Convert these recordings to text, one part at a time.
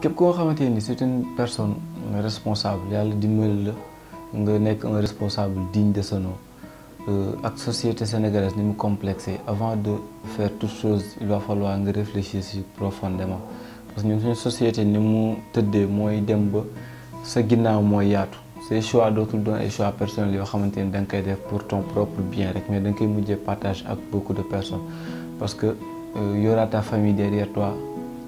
képp ko xamante c'est une personne responsable yàlla dimbali la nga nekk un responsable digne de son nom euh, ak société sénégalaise ni mu avant de faire toute chose il va falloir réfléchir profondément parce que ñun une société ni mu tëddee mooy dem ba sa ginnaaw mooy yaatu c'est choix dootul doon ay choix personnel. yoo xamante ni da pour ton propre bien rek mais da nga koy partage ak beaucoup de personnes parce que euh, y aura ta famille derrière toi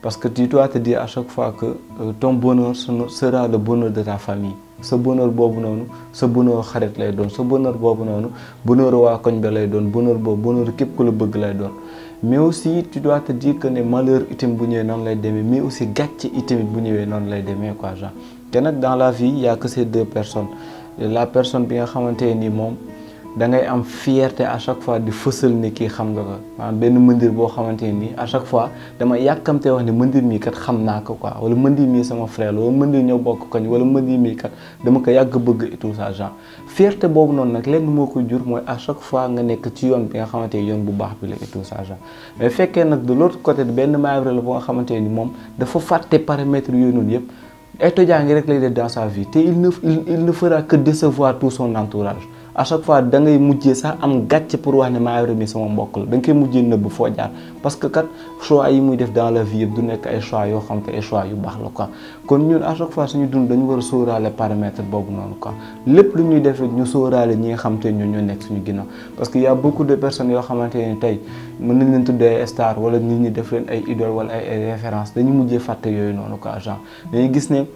Parce que tu dois te dire à chaque fois que euh, ton bonheur sera le bonheur de ta famille. Ce bonheur bobu nonu, ce bonheur xarit lay doon ce bonheur bobu nonu, bonheur wa koñ be lay bonheur bobu bonheur képp ko la bëgg lay mais aussi tu dois te dire que les malheur itim bu ñëwee non lay démé, mais aussi gàcce itamit bu ñëwee non lay démé quoi genre dans la vie il y a que ces deux personnes la personne bi nga xamanté ni mom da am fierté à chaque fois di ni ki xam nga ko à chaque fois dama wax ni mëndir mi kat xamna ko quoi wala mëndir mi sama frère la wala mëndir koñ wala mëndir mi kat dama ko yag bëgg et tout ça fierté bobu non. qui lenn moko à chaque fois nga nek ci yoon bi nga xamanteni yoon et tout ça mais de l'autre côté ben la bo xamanteni paramètres dans sa vie il ne fera que décevoir tout son entourage à chaque fois da ngay mujjé sax am gàcce pour wax ne maa yore mi sama mbokk la da nga koy mujjee nëbb foo jaar parce que kat choix yi muy def dans la vie yëpp du nek ay choix yo xam te ay choix yu bax la quoi kon ñun à chaque fois suñu dund dañu wara sooralé paramètres bobu boobu noonu quoi lépp lu ñuy def ñu sooralé ñi nga xam te ñun ñoo nekk suñu ginnaaw parce que y a beaucoup de personnes yo xamante ne tey mën nañ leen tuddé star wala nit ñi def leen ay idole wala ay référence dañu mujjé faté yoy noonu quoi genre dañuy gis né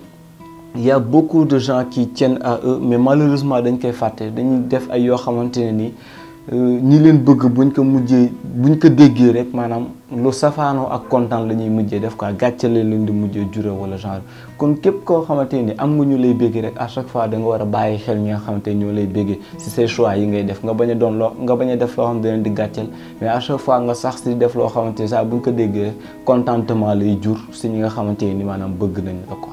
il y a beaucoup de gens qui tiennent à eux mais malheureusement dañ koy fàtte dañuy def ay yoo xamante ne euh, ñi leen bëgg buñ ko mujjé buñ ko déggé rek manam lu safano ak content lañuy mujjé def quoi gàcce leen leen di mujjee jure wala genre kon képp ko xamanténi ni am nga ñu lay bëgg rek à chaque fois da nga wara a xel ñi nga xamanté ñoo lay bëggee si ces choix yi ngay def nga baña a lo nga baña def lo xamanté leen di gàcceel mais à chaque fois nga sax si def lo xamanté ça buñ ko déggé contentement lay jur si ñi nga xamante ni maanaam bëgg nañ la ko